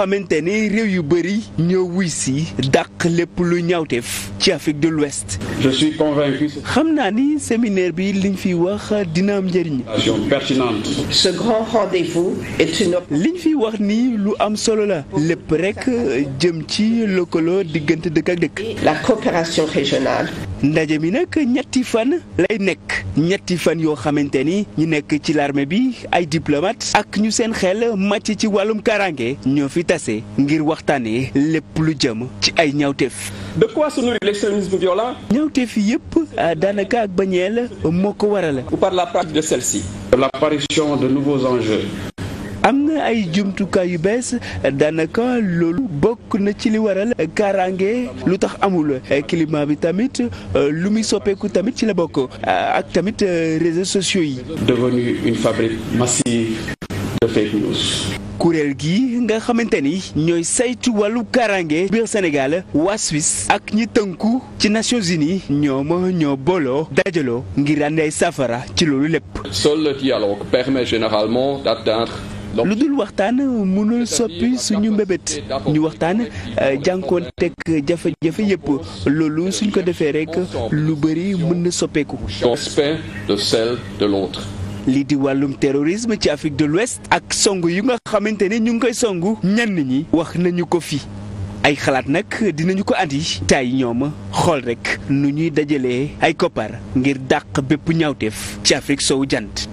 xamante ne réew yu bëri ñoo wuy si dàq lépp lu ñaawteef ci Afrique de l'Ouest. xam naa ni séminaire bi liñ fi wax dina am njëriñ. pertinente. ce grand rendez-vous est une. liñ fi wax ni lu am solo la. lépp rek jëm ci lëkkaloo diggante dëkk ak dëkk. la coopération régionale. ndaje mi nag ñetti fan lay nekk ñetti fan yoo xamante ni ñu nekk ci l'armée bi ay diplomate ak ñu seen xel màcc ci wàllum karange ñoo fi tase ngir waxtaanee lépp lu jëm ci ay ñawteef. de quoi se nourrit l'extrémisme violent. ñawteef yëpp euh, daanaka ak bañeel moo ko waral. ou par la pratique de celle-ci. l'apparition de nouveaux enjeux. am na ay jumtukaay yu bees daanaka loolu bokk na ci li waral kaaraange lu tax amul climat bi tamit lu muy soppeeku tamit ci la bokk ak tamit réseaux sociaux yi. devenu une fabrique massive de fake news. kuréel gi nga xamante ni ñooy saytu wàllu kaaraange biir Sénégal waa Suisse ak ñi tënku ci Nations Unies ñoom ñoo booloo dajaloo ngir ànd ay safara ci loolu lépp. Seul le dialogue permet généralement lu dul waxtaan euh, mënul soppi suñu mbébét ñu waxtaan euh, jànkoon teg jafe-jafe yépp loolu suñ ko defee rek lu bëri mën na soppeeku. lii di wàllum terrorisme ci Afrique de l'Ouest ak song yu nga xamante ne ñu ngi koy songu ñenn ñi wax nañu ko fi ay xalaat nag dinañu ko yi tay ñoom xool rek nu ñuy dajalee ay koppar ngir dàq bépp ñaawteef ci Afrique sowu jant